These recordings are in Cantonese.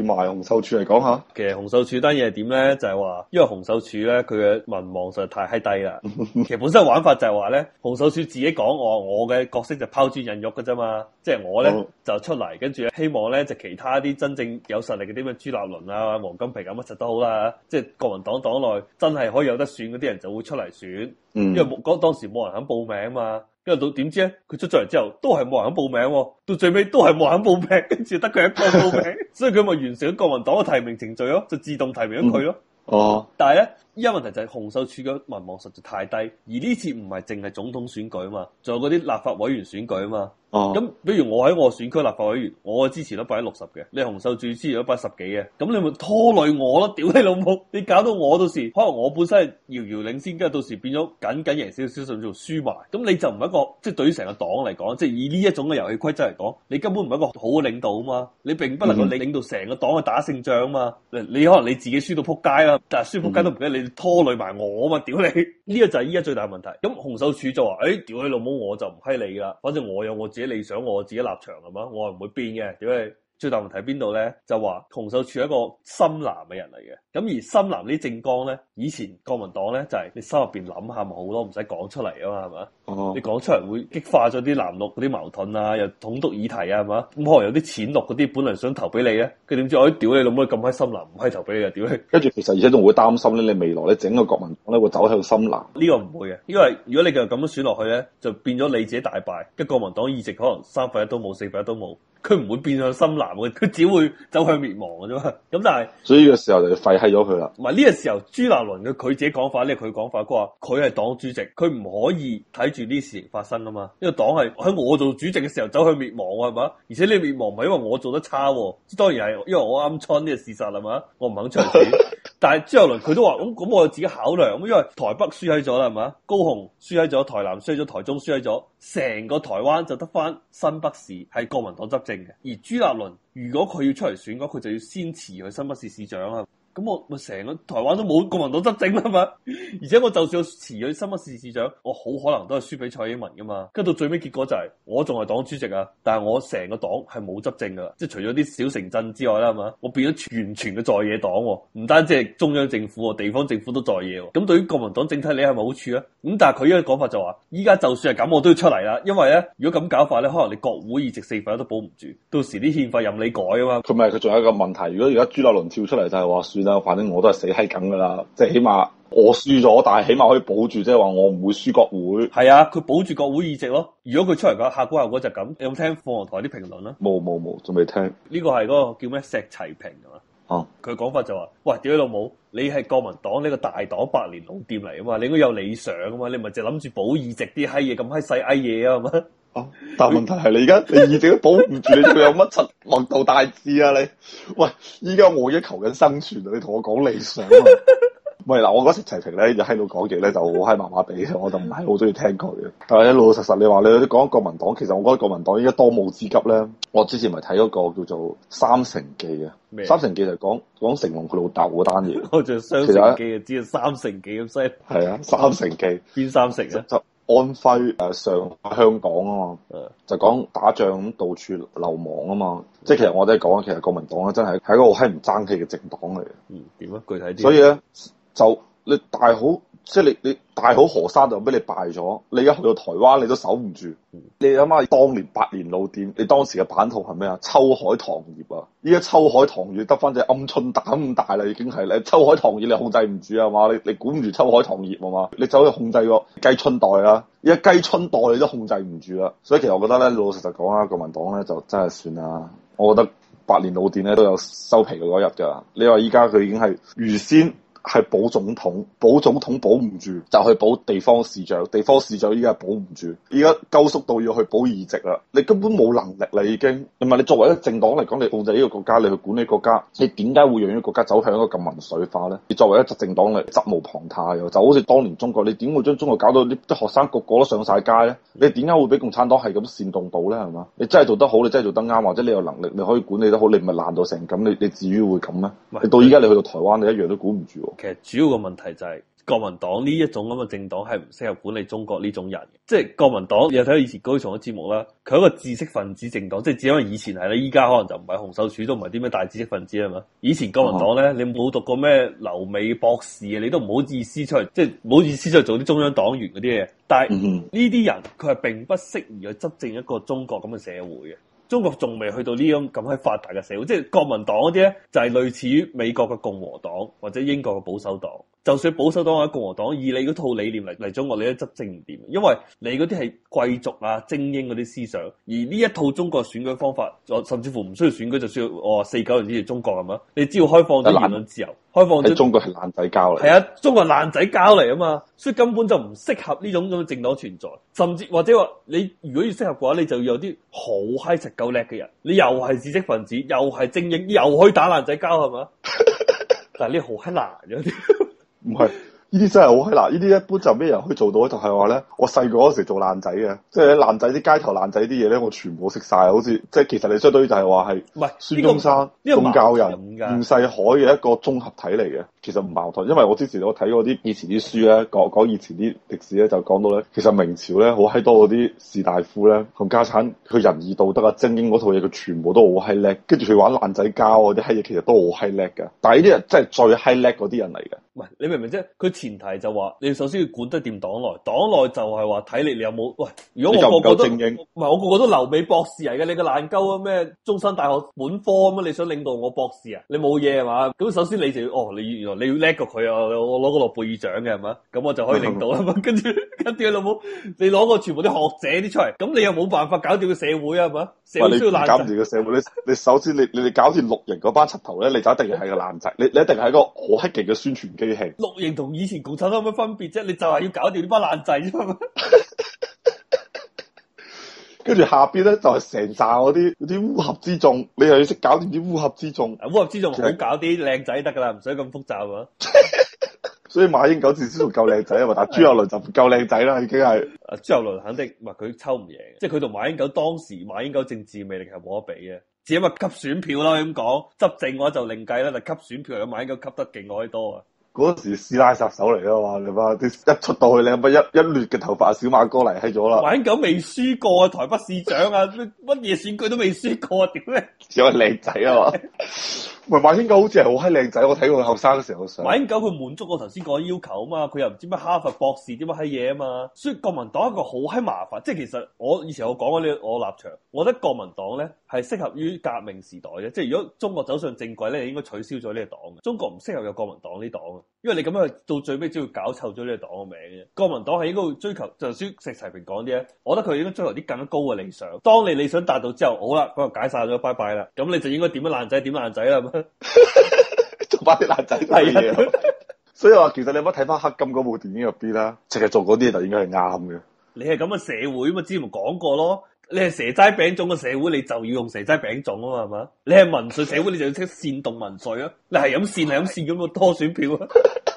串埋洪秀柱嚟講下，其實洪秀柱單嘢係點咧？就係、是、話，因為洪秀柱咧佢嘅民望實在太低低啦。 其實本身玩法就係話咧，洪秀柱自己講我，我嘅角色就拋磚引玉嘅啫嘛。即係我咧 就出嚟，跟住希望咧就其他啲真正有實力嘅啲咩朱立倫啊、王金平啊乜柒都好啦，即係國民黨黨內真係可以有得選嗰啲人就會出嚟選， 因為冇嗰當時冇人肯報名嘛。跟住到點知呢？佢出咗嚟之後，都係冇人肯報名，到最尾都係冇人報名，跟住得佢一個人報名，所以佢咪完成咗國民黨嘅提名程序咯。哦，就自動提名咗佢咯。哦，但係呢。依家問題就係洪秀柱嘅民望實在太低，而呢次唔係淨係總統選舉啊嘛，仲有嗰啲立法委員選舉啊嘛。哦、uh，咁、huh. 比如我喺我選區立法委員，我支持得百分六十嘅，你洪秀柱支持咗八十幾嘅，咁你咪拖累我咯？屌你老母！你搞到我到時，可能我本身遙遙領先，跟住到時變咗緊緊贏少少，少，少，少，少，少，少，少，少，甚至乎輸埋。咁你就唔係一個，即係對於成個黨嚟講，即係以呢一種嘅遊戲規則嚟講，你根本唔係一個好嘅領導啊嘛。你並不能夠領領到成個黨去打勝仗啊嘛。你可能你自己輸到撲街啦，但係輸撲街都唔緊要。Uh huh. 拖累埋我嘛？屌你！呢，這個就係依家最大的問題。咁洪秀柱就話，誒、哎，屌你老母，我就唔批你啦。反正我有我自己理想，我，我自己立場，係嘛，我唔會變嘅。屌你。最大問題喺邊度咧？就話洪秀柱係一個深藍嘅人嚟嘅，咁而深藍呢啲政綱咧，以前國民黨咧就係、是、你心入邊諗下咪好、就是、多，唔使講出嚟啊嘛，係嘛？你講出嚟會激化咗啲藍綠嗰啲矛盾啊，又統獨議題啊，係嘛？咁可能有啲淺綠嗰啲本來想投俾你嘅，佢點知我屌你老母咁閪深藍唔可以投俾你嘅，屌你！跟住其實而且仲會擔心咧，你未來咧整個國民黨咧會走向深藍。呢個唔會嘅，因為如果你繼續咁樣選落去咧，就變咗你自己大敗，跟國民黨議席可能三分一都冇，四分一都冇。佢唔會變向深藍嘅，佢只會走向滅亡嘅啫嘛。咁但係，所以個時候就廢棄咗佢啦。唔係呢個時候，朱立倫嘅佢自己講法，呢係佢講法佢話，佢係黨主席，佢唔可以睇住呢事情發生噶嘛？因為黨係喺我做主席嘅時候走向滅亡啊，係嘛？而且呢滅亡唔係因為我做得差，當然係因為我啱穿呢個事實啦嘛，我唔肯長篇。但係朱立倫佢都話咁咁我自己考量，因為台北輸喺咗啦係嘛，高雄輸喺咗，台南輸喺咗，台中輸喺咗，成個台灣就得返新北市係國民黨執政嘅，而朱立倫如果佢要出嚟選嘅話，佢就要先辭去新北市市長。咁我咪成個台灣都冇國民黨執政啦嘛， 而且我就算我辭咗新北市市長，我好可能都係輸俾蔡英文噶嘛。跟到最尾結果就係、是、我仲係黨主席啊，但係我成個黨係冇執政噶，即係除咗啲小城鎮之外啦，係嘛？我變咗完全嘅在野黨、啊，唔單止係中央政府、啊、地方政府都在野、啊。咁對於國民黨整體你係咪好處啊？咁但係佢依個講法就話，依家就算係咁，我都要出嚟啦，因為咧，如果咁搞法咧，可能你國會議席四份都保唔住，到時啲憲法任你改啊嘛。同埋佢仲有一個問題，如果而家朱立倫跳出嚟就係、是、話啦，反正我都係死閪咁噶啦，即係起碼我輸咗，但係起碼可以保住，即係話我唔會輸國會。係啊，佢保住國會議席咯。如果佢出嚟講客古下古就咁，你有冇聽鳳凰台啲評論呢？冇冇冇，仲未聽。呢個係嗰、那個叫咩石齊平噶嘛？哦、啊，佢講法就話、是，喂，屌你老母，你係國民黨呢個大黨百年老店嚟啊嘛，你應該有理想啊嘛，你咪淨係諗住保議席啲閪嘢咁閪細閪嘢啊係嘛？哦，但係問題係你而家你二點都保唔住，你仲有乜柒墨道大志啊你？喂，依家我一求緊生存啊！你同我講理想，啊。係嗱，我嗰時齊平咧就喺度講嘢咧就好閪麻麻地，我就唔係好中意聽佢。但係老老實實你話你講國民黨，其實我覺得國民黨依家當務之急咧，我之前咪睇嗰個叫做《三城記》啊，《三城記》就講講成龍佢老豆嗰單嘢。我就《雙城記》啊，知啊，《三城記》咁犀。係啊，《三城記》邊三城啊？安徽誒，上香港啊嘛，誒、嗯、就講打仗咁到處流亡啊嘛，即係、嗯、其實我哋講，其實國民黨咧真係係一個好閪唔爭氣嘅政黨嚟嘅。嗯，點啊？具體啲。所以咧，就你大好。即係你你大好河山就俾你敗咗，你一去到台灣你都守唔住，你諗下當年百年老店，你當時嘅版圖係咩啊？秋海棠葉啊，依家秋海棠葉得翻隻鵪鶉蛋咁大啦，已經係你秋海棠葉你控制唔住啊嘛，你你管唔住秋海棠葉啊嘛，你走去控制個雞春袋啊，依家雞春袋你都控制唔住啦，所以其實我覺得咧，老老實實講啦，國民黨咧就真係算啦，我覺得百年老店咧都有收皮嘅嗰日㗎，你話依家佢已經係預先。係保總統，保總統保唔住，就去保地方市長。地方市長依家保唔住，依家收縮到要去保議席啦。你根本冇能力啦，已經。唔係你作為一個政黨嚟講，你控制呢個國家，你去管理國家，你點解會讓呢個國家走向一個咁民粹化呢？你作為一個執政黨嚟，責無旁貸。就好似當年中國，你點會將中國搞到啲學生個個都上晒街咧？你點解會俾共產黨係咁煽動到呢？係嘛？你真係做得好，你真係做得啱，或者你有能力，你可以管理得好，你唔係爛到成咁。你你至於會咁呢？你到依家你去到台灣，你一樣都管唔住。其實主要嘅問題就係、是、國民黨呢一種咁嘅政黨係唔適合管理中國呢種人，即係國民黨又睇到以前高崇嘅節目啦，佢係一個知識分子政黨，即係只因為以前係啦，依家可能就唔係紅手柱，都唔係啲咩大知識分子係嘛，以前國民黨咧，你冇讀過咩留美博士嘅，你都唔好意思出嚟，即係唔好意思出去做啲中央黨員嗰啲嘢，但係呢啲人佢係並不適宜去執政一個中國咁嘅社會嘅。中國仲未去到呢種咁閪發達嘅社會，即係國民黨嗰啲咧，就係類似於美國嘅共和黨或者英國嘅保守黨。就算保守黨或者共和黨以你嗰套理念嚟嚟中國，你都執政唔掂，因為你嗰啲係貴族啊精英嗰啲思想。而呢一套中國選舉方法，甚至乎唔需要選舉就需要哦四九年之中國係嘛？你只要開放咗言論自由，開放咗。中國係爛仔交嚟，係啊，中國係爛仔交嚟啊嘛，所以根本就唔適合呢種咁嘅政黨存在，甚至或者話你如果要適合嘅話，你就有啲好閪實夠叻嘅人，你又係知識分子，又係精英，又可以打爛仔交係嘛？ 但係呢好閪難嗰啲。唔係，呢啲真係好難。呢啲一般就咩人可以做到咧？就係話咧，我細個嗰時做爛仔嘅，即係爛仔啲街頭爛仔啲嘢咧，我全部都識晒，好似即係其實你相當於就係話係，唔係孫中山、宋、這個這個、教仁、袁世凱嘅一個綜合體嚟嘅。其實唔矛盾，因為我之前我睇嗰啲以前啲書咧，講講以前啲歷史咧，就講到咧，其實明朝咧好閪多嗰啲士大夫咧，同家產佢仁義道德啊，精英嗰套嘢佢全部都好閪叻，跟住佢玩爛仔交嗰啲閪嘢，其實都好閪叻嘅。但係呢啲人真係最閪叻嗰啲人嚟嘅。喂，你明唔明啫？佢前提就話你首先要管得掂黨內，黨內就係話睇你你有冇喂，如果我個個都精英，唔係我個個都留美博士嚟嘅，你個爛鳩啊咩？中山大學本科咁啊，你想領導我博士啊？你冇嘢係嘛？咁首先你就要哦，你你要叻過佢啊！我攞個諾貝爾獎嘅係嘛，咁我就可以領導啊嘛。 跟住跟住，老母，你攞個全部啲學者啲出嚟，咁你又冇辦法搞掂個社會啊嘛？社會都要爛仔。搞掂個社會咧，你首先你你哋搞掂六營嗰班七頭咧，你就一定係個爛仔， 你你一定係一個好黑勁嘅宣傳機器。六營同以前共產黨有乜分別啫？你就係要搞掂呢班爛仔啫嘛。 跟住下邊咧就係成紮嗰啲嗰啲烏合之眾，你又要識搞掂啲烏合之眾。烏合之眾好搞啲靚仔得噶啦，唔使咁複雜喎。 所以馬英九治治夠靚仔啊， 但朱立倫就唔夠靚仔啦，已經係。啊朱立倫肯定，唔係佢抽唔贏，即係佢同馬英九當時馬英九政治魅力係冇得比嘅。只因咪吸選票啦咁講，執政嘅話就另計啦，但係吸選票，馬英九吸得勁好多啊。嗰時師奶殺手嚟啦嘛，你話啲一出到去，你媽一一亂嘅頭髮，小馬哥嚟係咗啦！玩狗未輸過啊，台北市長啊，乜嘢 選舉都未輸過，啊，點咧？做靚仔啊嘛！ 唔係馬英九好似係好閪靚仔，我睇過佢後生嘅時候想。馬英九佢滿足我頭先講嘅要求啊嘛，佢又唔知乜哈佛博士點乜閪嘢啊嘛，所以國民黨一個好閪麻煩。即係其實我以前我講嗰啲，呢個、我立場，我覺得國民黨咧係適合於革命時代嘅。即係如果中國走上正軌咧，你應該取消咗呢個黨。中國唔適合有國民黨呢個黨的，因為你咁樣到最尾只要搞臭咗呢個黨嘅名。國民黨係應，應該追求，就算先石齊平講啲咧，我覺得佢應該追求啲更加高嘅理想。當你理想達到之後，好啦，佢就解散咗，拜拜啦。咁你就應該點樣爛仔點爛仔啦。 做翻啲爛仔嘢，所以話其實你有冇睇翻《黑金》嗰部電影入邊啦，淨係做嗰啲就應該係啱嘅。你係咁嘅社會，咁啊之前咪講過咯，你係蛇齋餅粽嘅社會，你就要用蛇齋餅粽啊嘛，係嘛？你係民粹社會，你就要識煽動民粹啊。嗱，係咁煽，係咁 煽咁多選票啊。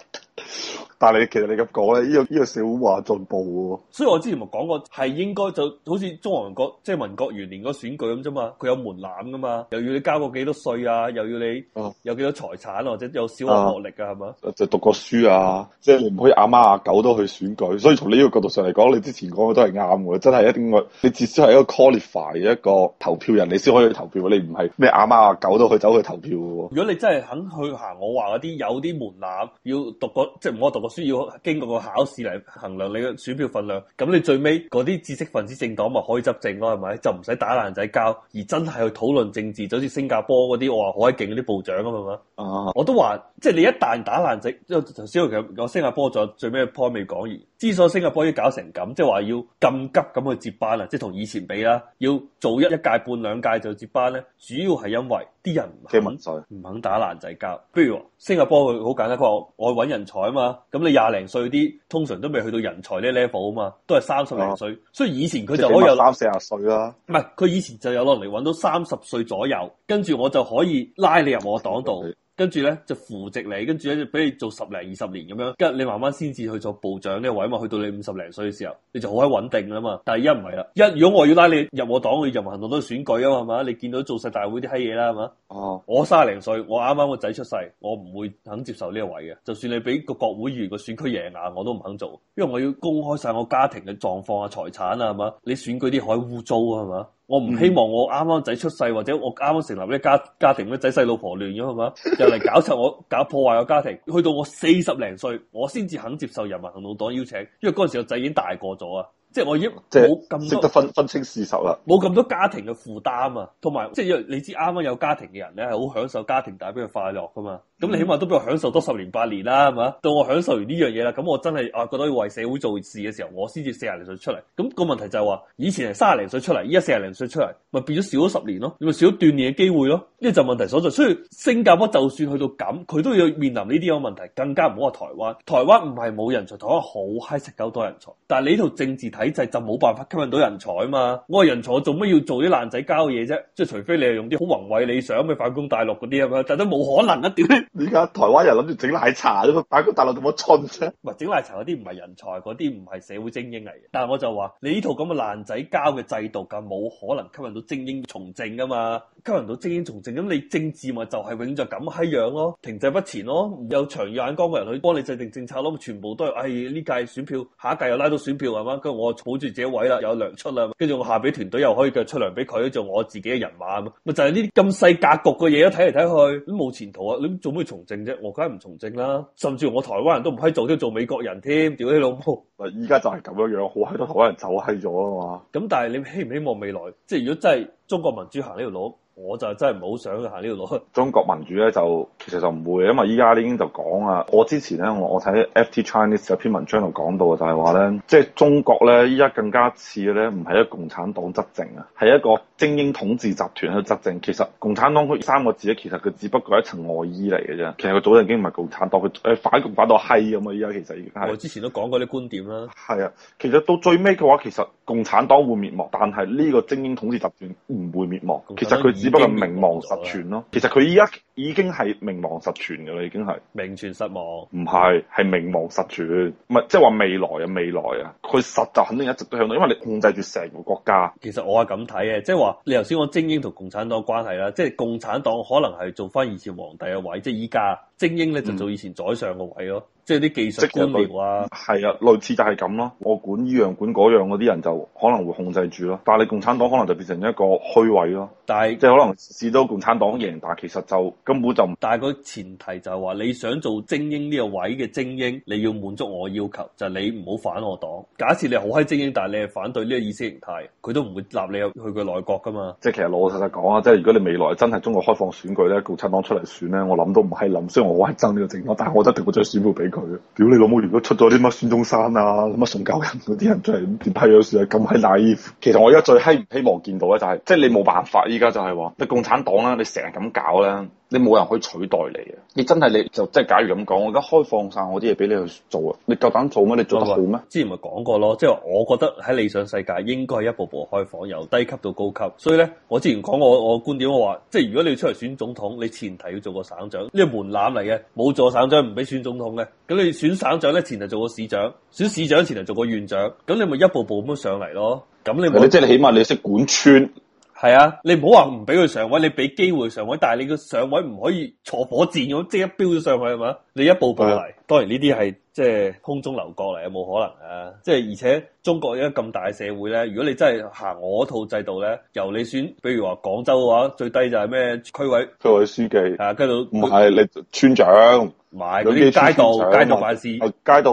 但你其實你咁講咧，依、呢個依、呢個社會唔會進步喎、啊。所以我之前咪講過，係應該就好似中華民國即係民國元年嗰個選舉咁啫嘛，佢有門檻噶嘛，又要你交過幾多稅啊，又要你、啊、有幾多財產、啊、或者有小學學歷噶係嘛？啊、吧就讀過書啊，即係你唔可以阿媽阿狗都去選舉。所以從呢依個角度上嚟講，你之前講嘅都係啱嘅，真係一定我你至少係一個 qualify 嘅一個投票人，你先可以去投票。你唔係咩阿媽阿狗都去走去投票嘅喎、啊。如果你真係肯去行我，我話嗰啲有啲門檻，要讀過即係唔可以讀過。需要經過個考試嚟衡量你嘅選票份量，咁你最尾嗰啲知識分子政黨咪可以執政咯，係咪？就唔使打爛仔交，而真係去討論政治，就好似新加坡嗰啲我話好鬼勁嗰啲部長啊嘛。啊！Uh huh. 我都話，即係你一旦打爛仔，頭先我，我講新加坡仲有最尾 point 未講完。之所以新加坡要搞成咁，即係話要咁急咁去接班啦，即係同以前比啦，要做一一屆半兩屆就接班咧，主要係因為啲人唔肯，唔肯打爛仔交。譬如話新加坡佢好簡單，佢話我去搵人才啊嘛，咁你廿零歲啲通常都未去到人才呢 level 啊嘛，都係三十零歲，啊、所以以前佢就可以有三四十歲啦。唔係，佢以前就有落嚟搵到三十歲左右，跟住我就可以拉你入我黨度。跟住咧就扶植你，跟住咧就俾你做十零二十年咁樣，跟住你慢慢先至去做部長呢個位啊嘛，去到你五十零歲嘅時候，你就好閪穩定啦嘛。但係而家唔係啦，一如果我要拉你入我黨，我任何行動都選舉啊嘛，係嘛？你見到做晒大會啲閪嘢啦，係嘛？哦，我卅零歲，我啱啱個仔出世，我唔會肯接受呢個位嘅。就算你俾個國會議員個選區贏啊，我都唔肯做，因為我要公開晒我家庭嘅狀況啊、財產啊，係嘛？你選舉啲海污糟啊，係嘛？我唔希望我啱啱仔出世，或者我啱啱成立咩家家庭嘅仔細老婆亂咗，係咪？ 又嚟搞臭我，搞破壞我家庭，去到我四十零歲，我先至肯接受人民行動黨邀請，因為嗰陣時個仔已經大個咗啊。即係我已經冇咁多識得分分清事實啦，冇咁多家庭嘅負擔啊，同埋即係你知啱啱有家庭嘅人咧係好享受家庭帶俾佢快樂噶嘛，咁你起碼都俾我享受多十年八年啦，係嘛？到我享受完呢樣嘢啦，咁我真係啊覺得要為社會做事嘅時候，我先至四廿零歲出嚟。咁個問題就係話，以前係卅零歲出嚟，依家四廿零歲出嚟，咪變咗少咗十年咯，咪少咗鍛鍊嘅機會咯。呢就問題所在。所以新加坡就算去到咁，佢都要面臨呢啲嘅問題，更加唔好話台灣。台灣唔係冇人才，台灣好嗨，食夠多人才，但係你呢套政治體。體制就冇辦法吸引到人才啊嘛，我係人才我做乜要做啲爛仔交嘢啫？即係除非你係用啲好宏偉理想，咩反攻大陸嗰啲啊嘛，但都冇可能啊！屌？而家台灣人諗住整奶茶，嘛、啊？反攻大陸咁乜春啫？唔係整奶茶嗰啲唔係人才，嗰啲唔係社會精英嚟嘅。但係我就話你呢套咁嘅爛仔交嘅制度，咁冇可能吸引到精英從政㗎嘛，吸引到精英從政，咁你政治咪就係永着咁閪樣咯、哦，停滯不前咯、哦，有長遠眼光嘅人去幫你制定政策咯，全部都係哎呢屆選票，下一屆又拉到選票係嘛，咁我。儲住自己位啦，有糧出啦，跟住我下俾團隊又可以繼續出糧俾佢，做我自己嘅人馬咁啊，咪就係呢啲咁細格局嘅嘢一睇嚟睇去咁冇前途啊！你做咩從政啫？我梗係唔從政啦，甚至我台灣人都唔批做添，都做美國人添，屌你老母！咪依家就係咁樣樣，好多台灣人走閪咗啊！咁但係你希唔希望未來，即係如果真係中國民主行呢條路？我就真係唔好想行呢度落去。中國民主咧就其實就唔會，因為依家已經就講啊。我之前咧我我睇 FT Chinese 有一篇文章度講到嘅就係話咧，即係中國咧依家更加似嘅咧唔係一個共產黨執政啊，係一個精英統治集團去執政。其實共產黨佢三個字咧，其實佢只不過係一層外衣嚟嘅啫。其實佢早就已經唔係共產黨，佢反共反到閪咁啊！依家其實已經係我之前都講過啲觀點啦。係啊，其實到最尾嘅話，其實共產黨會滅亡，但係呢個精英統治集團唔會滅亡。其實佢。 只是不過名望實傳咯，其實佢依家。已經係名亡實存㗎啦，已經係名存實亡。唔係，係名亡實存，唔係即係話未來啊，未來啊，佢實就肯定一直都向度，因為你控制住成個國家。其實我係咁睇嘅，即係話你頭先講精英同共產黨關係啦，即係共產黨可能係做翻以前皇帝嘅位，即係依家精英咧就做以前宰相嘅位咯，嗯、即係啲技術官僚啊。係啊，類似就係咁咯。我管呢樣管嗰樣嗰啲人就可能會控制住咯，但係你共產黨可能就變成一個虛位咯。但係即係可能試到共產黨贏，但其實就根本就，唔，但係個前提就係話你想做精英呢個位嘅精英，你要滿足我要求，就係、是、你唔好反我黨。假設你好閪精英，但係你係反對呢個意識形態，佢都唔會立你入去佢內閣噶嘛。即係其實老老實實講啊，即係如果你未來真係中國開放選舉咧，共產黨出嚟選咧，我諗都唔係諗，雖然我話係憎呢個政黨，但係我一定會再選票俾佢。屌、哎、你老母！如果出咗啲乜孫中山啊、乜宋教仁嗰啲人，出嚟，點解有時係咁閪瀨？其實我而家最閪希望見到咧、就是，就係即係你冇辦法，依家就係話你共產黨啦、啊，你成日咁搞啦。你冇人可以取代你啊，你真係你就即係假如咁講，我而家開放晒我啲嘢俾你去做啊！你夠膽做咩？你做得好咩？之前咪講過咯，即係我覺得喺理想世界應該係一步步開放，由低級到高級。所以咧，我之前講我我觀點我話，即係如果你要出嚟選總統，你前提要做個省長，呢個門檻嚟嘅，冇做省長唔俾選總統嘅。咁你選省長咧，前提做個市長，選市長前提做個院長，咁你咪一步步咁樣上嚟咯。咁你冇即係你起碼你識管村。係啊，你唔好話唔俾佢上位，你俾機會上位，但係你個上位唔可以坐火箭咁即一飆咗上去係嘛？你一步步嚟，的當然呢啲係即係空中樓閣嚟，有冇可能啊？即、就、係、是、而且中國而家咁大嘅社會咧，如果你真係行我套制度咧，由你選，比如話廣州嘅話，最低就係咩區委區委書記啊，跟住唔係你村長，唔啲是街道長街道辦事，啊啊、街道。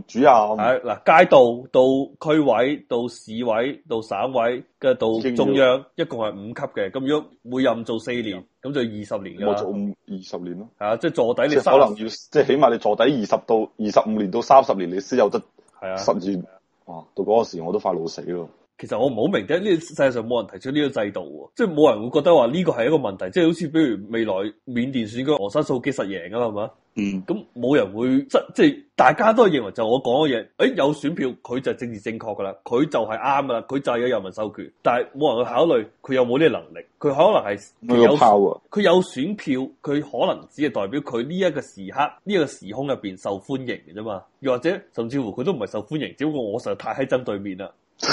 主任，係嗱、啊、街道到區委到市委到省委跟住到中央，一共係五級嘅。咁如果每任做四年，咁、嗯、就二十年啦。我做五二十年咯。係啊，即係坐底你。即係可能要，即係起碼你坐底二十到二十五年到三十年，年，你先有得。係啊。甚至，啊。到嗰個時我都快老死咯。其實我唔好明嘅，呢世界上冇人提出呢個制度，即係冇人會覺得話呢個係一個問題，即係好似比如未來緬甸選舉，昂山素姬實贏噶啦，係嘛？嗯，咁冇、嗯、人會即即係大家都認為就我講嘅嘢，誒有選票佢就政治正確噶啦，佢就係啱噶啦，佢就係有人民授權，但係冇人去考慮佢有冇呢個能力，佢可能係有效啊，佢有選票，佢可能只係代表佢呢一個時刻呢一、這個時空入邊受歡迎嘅啫嘛，又或者甚至乎佢都唔係受歡迎，只不過我實在太喺針對面啦。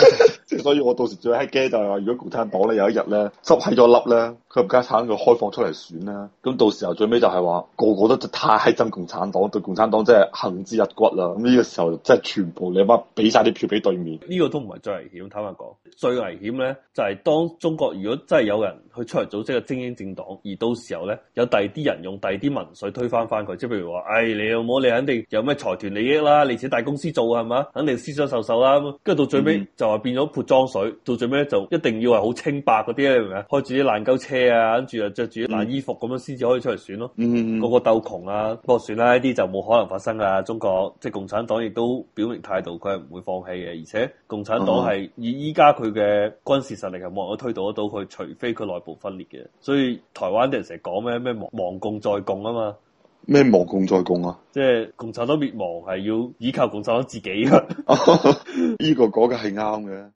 所以，我到時最閪驚就係話，如果共產黨咧有一日咧執起咗笠咧。佢唔家產佢開放出嚟選啦，咁到時候最尾就係話個個都太憎共產黨，對共產黨真係恨之入骨啦。咁呢個時候真係全部你媽俾晒啲票俾對面，呢個都唔係最危險。坦白講，最危險咧就係、是、當中國如果真係有人去出嚟組織個精英政黨，而到時候咧有第二啲人用第二啲民粹推翻翻佢，即係譬如話，唉、哎、你有冇你肯定有咩財團利益啦，你請大公司做係嘛，肯定私相授受啦。跟住到最尾就話變咗潑髒水，嗯、到最尾就一定要係好清白嗰啲，係咪開住啲爛鳩車？啊，跟住又着住爛衣服咁樣，先至可以出嚟選咯。嗯、個個鬥窮啊，不過算啦，呢啲就冇可能發生噶。中國即係共產黨亦都表明態度，佢係唔會放棄嘅。而且共產黨係以依家佢嘅軍事實力係冇可推倒得到佢，除非佢內部分裂嘅。所以台灣啲人成日講咩咩亡共再共啊嘛，咩亡共再共啊，共共啊即係共產黨滅亡係要依靠共產黨自己。啊。 呢個講嘅係啱嘅。